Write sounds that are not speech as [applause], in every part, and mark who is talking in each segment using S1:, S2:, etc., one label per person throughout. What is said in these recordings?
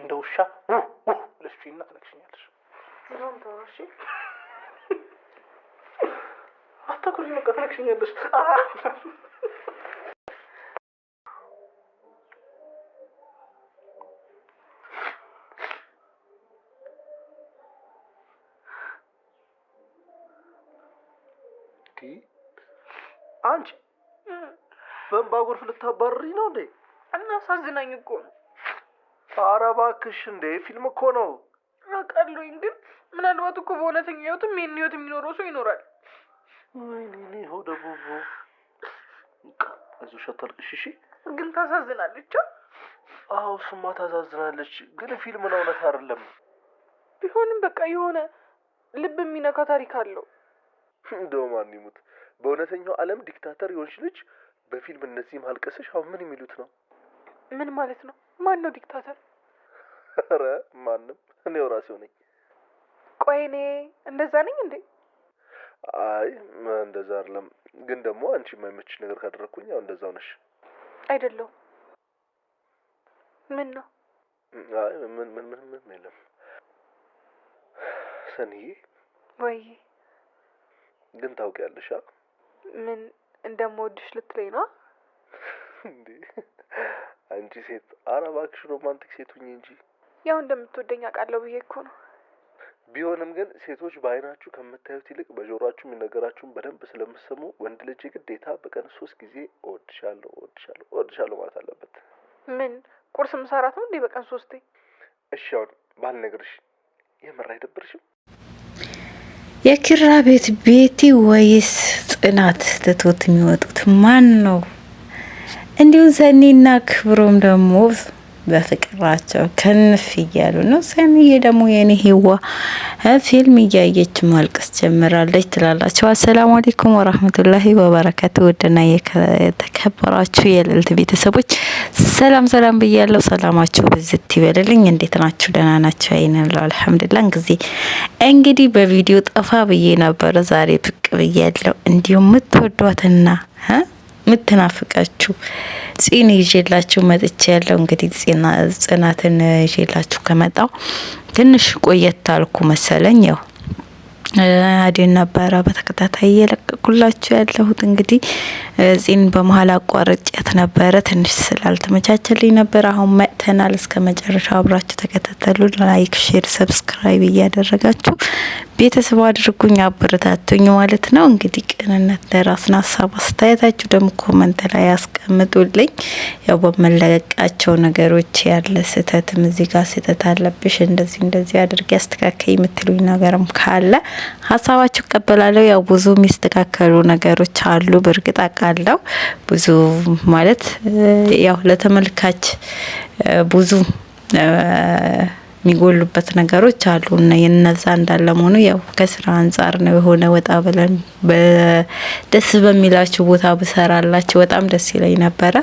S1: እንደ ውሻ ልስፊና ትነክሽኛለሽ።
S2: [laughs]
S1: አታኩሪ፣ በቃ ትነክሽኛለሽ። [laughs] አንቺ በእምባ ጎርፍ ልታባርሪ ነው እንዴ?
S2: እና እናሳዝናኝ እኮ ነው።
S1: ኧረ እባክሽ እንዴ! ፊልም እኮ ነው።
S2: አውቃለሁኝ፣ ግን ምናልባት እኮ በእውነተኛ ህይወትም ይህን ህይወት የሚኖረው ሰው ይኖራል።
S1: ወይኔ ሆደ ቡቡ፣ አይዞሽ አታልቅሽ እሺ።
S2: ግን ታሳዝናለች።
S1: አዎ ስማ ታሳዝናለች፣ ግን ፊልም ነው፣ እውነት አይደለም።
S2: ቢሆንም በቃ የሆነ ልብ የሚነካ ታሪክ አለው።
S1: እንደው ማን ይሙት፣ በእውነተኛው ዓለም ዲክታተር የሆንሽ ልጅ በፊልም እነዚህ ማልቀስሽ አሁን ምን የሚሉት ነው?
S2: ምን ማለት ነው? ማን ነው ዲክታተር?
S1: ኧረ ማንም፣ እኔው ራሴው ነኝ።
S2: ቆይ እኔ እንደዛ ነኝ እንዴ?
S1: አይ እንደዛ አይደለም፣ ግን ደግሞ አንቺ የማይመችሽ ነገር ካደረግኩኝ ያው እንደዛው ነሽ።
S2: አይደለሁም። ምን ነው?
S1: አይ ምን ምን ምን ምን የለም። ሰኒዬ ወይ ግን ታውቂያለሽ
S2: ምን እንደምወድሽ ልትለኝ ነው
S1: እንዴ? አንቺ ሴት፣ ኧረ እባክሽ ሮማንቲክ ሴት ሁኚ እንጂ።
S2: ያው እንደምትወደኝ አውቃለሁ ብዬ እኮ ነው።
S1: ቢሆንም ግን ሴቶች በአይናችሁ ከምታዩት ይልቅ በጆሯችሁ የሚነገራችሁን በደንብ ስለምሰሙ ወንድ ልጅ ግዴታ በቀን ሶስት ጊዜ እወድሻለሁ፣ እወድሻለሁ፣ እወድሻለሁ ማለት አለበት።
S2: ምን ቁርስ ምሰራት ነው እንዴ በቀን ሶስቴ?
S1: እሺ አሁን ባልነግርሽ የምር አይደብርሽም?
S3: የኪራ ቤት ቤቲ ወይስ ጽናት ትቶት የሚወጡት ማን ነው? እንዲሁም ሰኒና ክብሩም ደግሞ በፍቅራቸው ክንፍ እያሉ ነው። ሰኒዬ ደግሞ የኔ ህዋ ፊልም እያየች ማልቀስ ጀምራለች ትላላቸው። አሰላሙ አሌይኩም ወራህመቱላሂ ወበረከቱ። ውድና የተከበራችሁ የልዕልት ቤተሰቦች ሰላም ሰላም ብያለሁ። ሰላማችሁ ብዝት ይበልልኝ። እንዴት ናችሁ? ደህና ናቸው አይነብለው አልሐምዱላ። ጊዜ እንግዲህ በቪዲዮ ጠፋ ብዬ ነበረ። ዛሬ ብቅ ብያለሁ። እንዲሁም ምትወዷትና ምትናፍቃችሁ ጽን ይዤላችሁ መጥቼ ያለው እንግዲህ ጽናትን ይዤላችሁ ከመጣው ትንሽ ቆየት አልኩ መሰለኝ ያው አዴን ነበረ በተከታታይ እየለቀቁላችሁ ያለሁት። እንግዲህ ጺን በመሀል አቋርጬት ነበረ ትንሽ ስላልተመቻቸልኝ ነበር። አሁን መጥተናል። እስከ መጨረሻ አብራችሁ ተከታተሉ። ላይክ፣ ሼር፣ ሰብስክራይብ እያደረጋችሁ ቤተሰብ አድርጉኝ፣ አበረታቱኝ ማለት ነው። እንግዲህ ቅንነት ለራስን ሀሳብ አስተያየታችሁ ደግሞ ኮመንት ላይ ያስቀምጡልኝ። ያው በመለቀቃቸው ነገሮች ያለ ስህተትም እዚህ ጋር ስህተት አለብሽ እንደዚህ እንደዚህ አድርጌ አስተካከይ የምትሉኝ ነገርም ካለ ሀሳባችሁ እቀበላለሁ። ያው ብዙ የሚስተካከሉ ነገሮች አሉ በእርግጥ አውቃለሁ። ብዙ ማለት ያው ለተመልካች ብዙ የሚጎሉበት ነገሮች አሉ እና የነዛ እንዳለ መሆኑ ያው ከስራ አንጻር ነው። የሆነ ወጣ ብለን ደስ በሚላችሁ ቦታ ብሰራላችሁ በጣም ደስ ይለኝ ነበረ።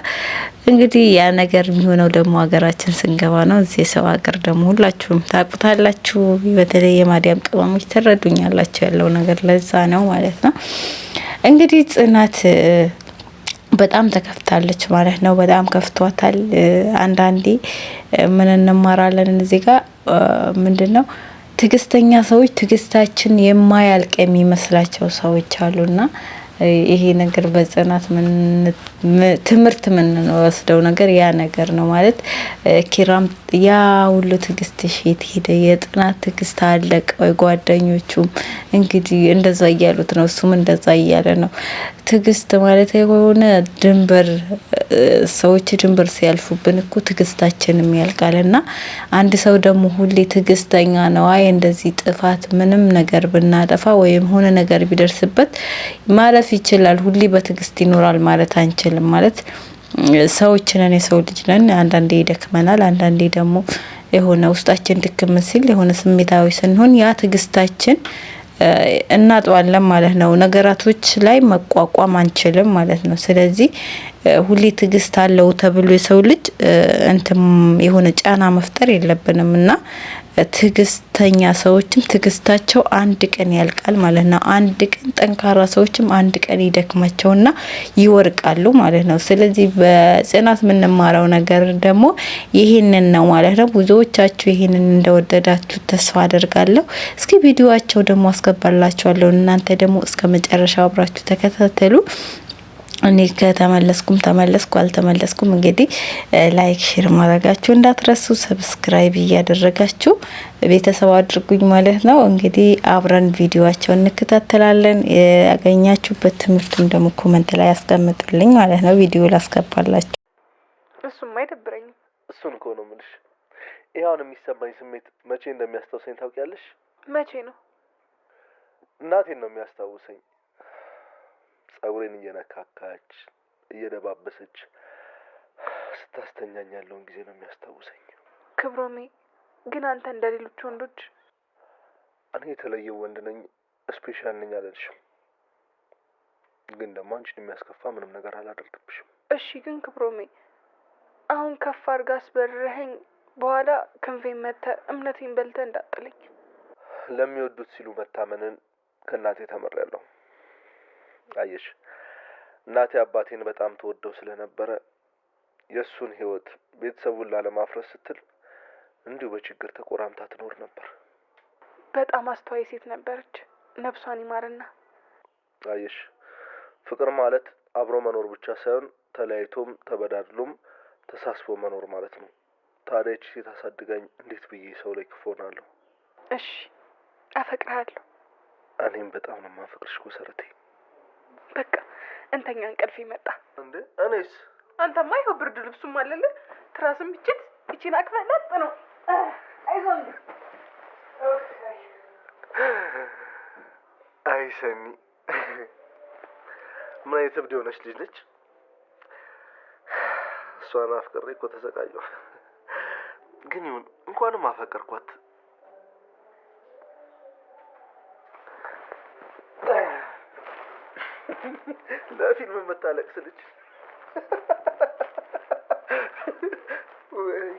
S3: እንግዲህ ያ ነገር የሚሆነው ደግሞ ሀገራችን ስንገባ ነው። እዚህ ሰው ሀገር ደግሞ ሁላችሁም ታቁታላችሁ። በተለይ የማዲያም ቅመሞች ትረዱኛላችሁ ያለው ነገር ለዛ ነው ማለት ነው። እንግዲህ ጽናት በጣም ተከፍታለች ማለት ነው። በጣም ከፍቷታል አንዳንዴ ምን እንማራለን እዚህ ጋር ምንድን ነው? ትዕግስተኛ ሰዎች ትግስታችን የማያልቅ የሚመስላቸው ሰዎች አሉና ይሄ ነገር በጽናት ትምህርት የምንወስደው ነገር ያ ነገር ነው ማለት ኪራም ያ ሁሉ ትዕግስትሽ የት ሄደ? የጽናት ትግስት አለቀ ወይ? ጓደኞቹም እንግዲህ እንደዛ እያሉት ነው፣ እሱም እንደዛ እያለ ነው። ትዕግስት ማለት የሆነ ድንበር ሰዎች ድንበር ሲያልፉብን እኮ ትግስታችንም ያልቃል። እና አንድ ሰው ደግሞ ሁሌ ትዕግስተኛ ነው አይ እንደዚህ ጥፋት ምንም ነገር ብናጠፋ ወይም ሆነ ነገር ቢደርስበት ማለት ማለፍ ይችላል። ሁሌ በትዕግስት ይኖራል ማለት አንችልም። ማለት ሰዎች ነን፣ የሰው ልጅ ነን። አንዳንዴ ይደክመናል፣ አንዳንዴ ደግሞ የሆነ ውስጣችን ድክም ሲል የሆነ ስሜታዊ ስንሆን ያ ትዕግስታችን እናጠዋለን ማለት ነው። ነገራቶች ላይ መቋቋም አንችልም ማለት ነው። ስለዚህ ሁሌ ትዕግስት አለው ተብሎ የሰው ልጅ እንትም የሆነ ጫና መፍጠር የለብንም እና ትዕግስተኛ ሰዎችም ትዕግስታቸው አንድ ቀን ያልቃል ማለት ነው። አንድ ቀን ጠንካራ ሰዎችም አንድ ቀን ይደክማቸውና ይወርቃሉ ማለት ነው። ስለዚህ በጽናት የምንማረው ነገር ደግሞ ይህንን ነው ማለት ነው። ብዙዎቻችሁ ይህንን እንደወደዳችሁ ተስፋ አደርጋለሁ። እስኪ ቪዲዮቸው ደግሞ አስገባላችኋለሁ። እናንተ ደግሞ እስከ መጨረሻ አብራችሁ ተከታተሉ። እኔ ከተመለስኩም ተመለስኩ አልተመለስኩም፣ እንግዲህ ላይክ ሼር ማድረጋችሁ እንዳትረሱ፣ ሰብስክራይብ እያደረጋችሁ ቤተሰብ አድርጉኝ ማለት ነው። እንግዲህ አብረን ቪዲዮቸውን እንከታተላለን። ያገኛችሁበት ትምህርቱም ደግሞ ኮመንት ላይ ያስቀምጡልኝ ማለት ነው። ቪዲዮ ላስገባላችሁ።
S2: እሱም አይደብረኝም።
S1: እሱን እኮ ነው የምልሽ። ይኸውን የሚሰማኝ ስሜት መቼ እንደሚያስታውሰኝ ታውቂያለሽ? መቼ ነው? እናቴን ነው የሚያስታውሰኝ ጸጉሬን እየነካካች እየደባበሰች ስታስተኛኝ ያለውን ጊዜ ነው የሚያስታውሰኝ።
S2: ክብሮሜ ግን አንተ እንደ ሌሎች ወንዶች
S1: እኔ የተለየው ወንድ ነኝ ስፔሻል ነኝ አለልሽም፣ ግን ደግሞ አንቺን የሚያስከፋ ምንም ነገር አላደርግብሽም።
S2: እሺ ግን ክብሮሜ አሁን ከፍ አድርጋ አስበርረኸኝ በኋላ ክንፌን መተ እምነቴን በልተ እንዳጥለኝ
S1: ለሚወዱት ሲሉ መታመንን ከእናቴ ተምሬያለሁ። አየሽ እናቴ አባቴን በጣም ተወደው ስለነበረ የእሱን ህይወት ቤተሰቡን ላለማፍረስ ስትል እንዲሁ በችግር ተቆራምታ ትኖር ነበር።
S2: በጣም አስተዋይ ሴት ነበረች። ነብሷን ይማርና።
S1: አየሽ ፍቅር ማለት አብሮ መኖር ብቻ ሳይሆን ተለያይቶም ተበዳድሎም ተሳስቦ መኖር ማለት ነው። ታዲያ ይቺ ሴት አሳድጋኝ እንዴት ብዬ ሰው ላይ ክፉ ሆናለሁ?
S2: እሺ አፈቅርሃለሁ።
S1: እኔም በጣም ነው የማፈቅርሽ
S2: በቃ እንተኛ፣ እንቅልፍ ይመጣ
S1: እንዴ? እኔስ
S2: አንተማ ይኸው ብርድ ልብሱም አለል ትራስም ብችት እቺን አቅፈህ ለጥ ነው። አይዞን። እንጂ
S1: [sighs] አይ ሰኒ [laughs] ምን አይነት እብድ የሆነች ልጅ ነች? [sighs] እሷን አፍቅሬ እኮ ተሰቃየሁ። [laughs] ግን ይሁን እንኳንም አፈቀርኳት። لا في ما تعلقسلتش وي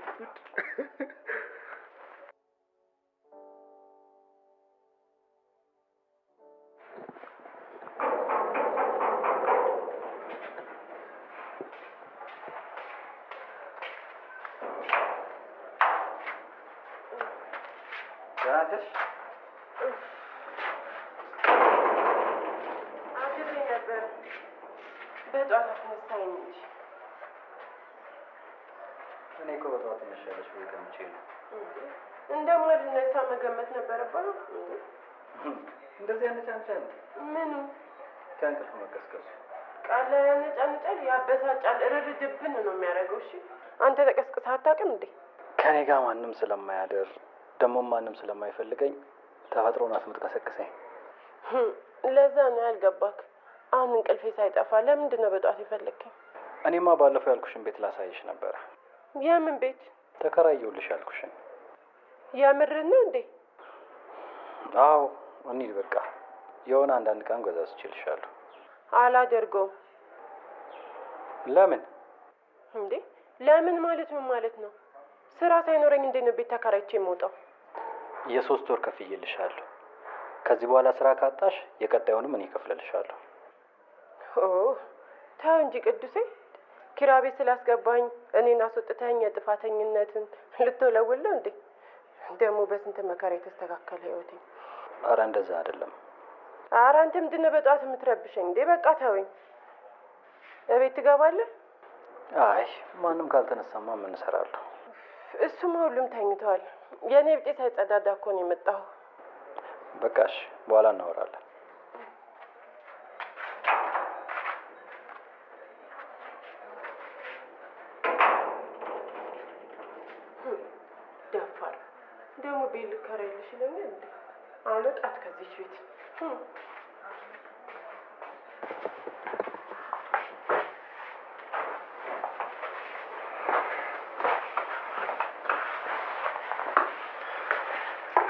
S1: Ya ateş. በጠዋት መሳይ እንጂ እኔ እኮ በጠዋት ትነሻለች ብዬ ገምቼ ነው።
S2: እንደማልነሳ መገመት ነበረብህ።
S1: እንደዚህ ያነጫንጫል። ምኑ ከእንቅልፍ መቀስቀሱ
S2: ቃል ያነጫንጫል፣ ያበሳጫል፣ እርርድብን ነው የሚያደርገው። እሺ አንተ ተቀስቅሰህ አታውቅም እንዴ?
S1: ከኔ ጋር ማንም ስለማያደር ደግሞ ማንም ስለማይፈልገኝ ተፈጥሮ ናት የምትቀሰቅሰኝ።
S2: ለዛ ነው ያልገባክ። አሁን እንቅልፌ ሳይጠፋ ለምንድን ነው በጧት የፈለግኝ?
S1: እኔማ ባለፈው ያልኩሽን ቤት ላሳይሽ ነበረ። የምን ቤት? ተከራየውልሽ ያልኩሽን።
S2: የምርን ነው እንዴ?
S1: አዎ፣ እኒድ በቃ የሆነ አንዳንድ ቀን ገዛ ስችልሻለሁ።
S2: አላደርገውም። ለምን እንዴ? ለምን ማለት ምን ማለት ነው? ስራ ሳይኖረኝ እንዴት ነው ቤት ተከራይቼ የምወጣው?
S1: የሶስት ወር ከፍዬልሻለሁ። ከዚህ በኋላ ስራ ካጣሽ የቀጣዩንም እኔ እከፍልልሻለሁ።
S2: ተው እንጂ ቅዱሴ፣ ኪራይ ቤት ስላስገባኝ እኔን አስወጥተኝ የጥፋተኝነትን ልትወለውል እንዴ? ደግሞ በስንት መከራ የተስተካከለ ህይወቴ።
S1: አረ እንደዛ አይደለም።
S2: አረ አንተ ምንድን በጠዋት የምትረብሸኝ እንዴ? በቃ ተወኝ። እቤት ትገባለህ?
S1: አይ ማንም ካልተነሳማ ምን እሰራለሁ?
S2: እሱማ ሁሉም ተኝተዋል። የእኔ ብጤ ሳይጸዳዳ እኮ ነው የመጣሁ።
S1: በቃሽ፣ በኋላ እናወራለን።
S2: ትሰሪያለሽ ይለኛል። እንዴ አልወጣት ከዚች ቤት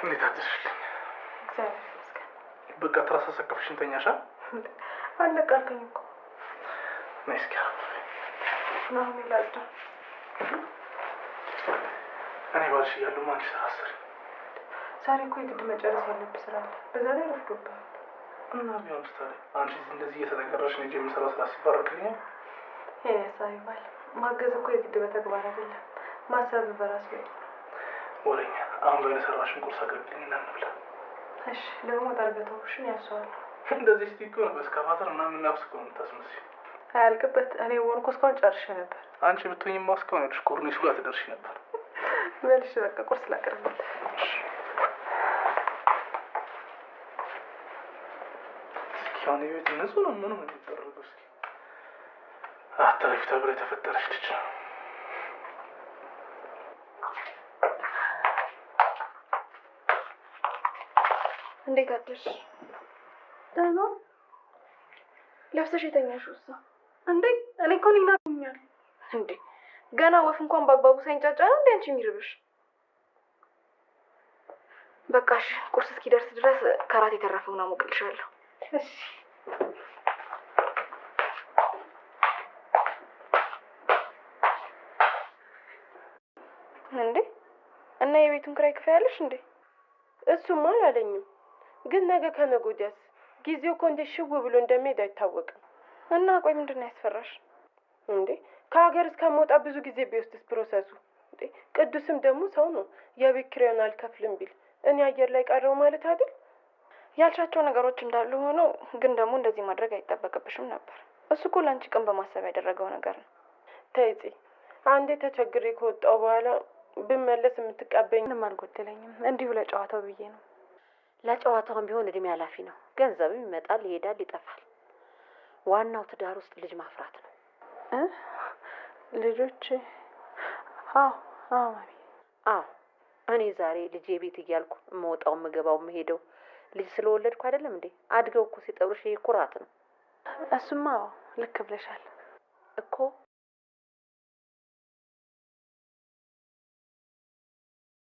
S1: እንዴት አደርሽልኝ? እግዚአብሔር በቃ ትራስ አሰቀፍሽን ተኛሻ?
S2: አለቃልከኝ እኮ ነይ እስኪ ናሁን ይላል
S1: እኔ ባልሽ እያለሁ ማን ስራ አስር
S2: ዛሬ እኮ የግድ መጨረስ ያለብህ ስራ አለ። በዛ ላይ ረፍዶብሃል።
S1: እና ቢሆን ታዲያ አንቺ እንደዚህ እየተጠቀረሽ ነው የምሰራው ስራ ሲባረክልኛል።
S2: የሳ ይባል ማገዝ እኮ የግድ በተግባር አይደለም፣ ማሰብ በራሱ ወይ
S1: ወሬኛ። አሁን በእኔ ሰራሽን ቁርስ አቅርብልኝ እና እንብላ።
S2: እሺ ደግሞ ታርገተውሽን ያሰዋል።
S1: እንደዚህ ስቲ እኮ በስካፋተር ምናምን ናፍስ እኮ ነው የምታስመስይው።
S2: አያልቅበት እኔ ወንኩ እስካሁን ጨርሼ ነበር።
S1: አንቺ ብትሆኝማ እስካሁን ሄድሽ ኮርኒሱ ጋር ትደርሽ ነበር።
S2: በልሽ በቃ ቁርስ ላቅርብልህ።
S1: አሁን የቤት ንጹህ ነው። ምንም የሚደረገው እስኪ አታለፊ ተብላ የተፈጠረች ልጅ ነው።
S2: እንዴት አደርሽ? ደህና ለብሰሽ የተኛሽ ውሳ እንዴ? እኔ እኮ ይናገኛል እንዴ? ገና ወፍ እንኳን በአግባቡ ሳይንጫጫ ነው እንዴ አንቺ የሚርብሽ? በቃሽ ቁርስ እስኪደርስ ድረስ ከራት የተረፈውን አሞቅልሻለሁ። እንዴ እና የቤቱን ክራይ ክፍያለሽ እንዴ? እሱማ አላለኝም፣ ግን ነገ ከነገ ወዲያስ ጊዜው እኮ እንዴት ሽው ብሎ እንደሚሄድ አይታወቅም። እና ቆይ ምንድን ነው ያስፈራሽ እንዴ? ከሀገር እስከመውጣ ብዙ ጊዜ ቢወስድስ ፕሮሰሱ? ቅዱስም ደግሞ ሰው ነው። የቤት ኪራዩን አልከፍልም ቢል እኔ አየር ላይ ቀረው ማለት አይደል? ያልሻቸው ነገሮች እንዳሉ ሆኖ ግን ደግሞ እንደዚህ ማድረግ አይጠበቅብሽም ነበር። እሱ እኮ ለአንቺ ቀን በማሰብ ያደረገው ነገር ነው። ተይጺ አንዴ ተቸግሬ ከወጣው በኋላ ብመለስ የምትቀበኝ ምንም አልጎደለኝም። እንዲሁ ለጨዋታው ብዬ ነው። ለጨዋታውም ቢሆን እድሜ ኃላፊ ነው። ገንዘብም ይመጣል፣ ይሄዳል፣ ይጠፋል። ዋናው ትዳር ውስጥ ልጅ ማፍራት ነው። ልጆች? አዎ፣ አዎ፣ አዎ። እኔ ዛሬ ልጄ ቤት እያልኩ የምወጣው የምገባው የምሄደው ልጅ ስለወለድኩ አይደለም እንዴ? አድገው እኮ ሲጠሩሽ ይሄ ኩራት ነው። እሱማ ልክ ብለሻል እኮ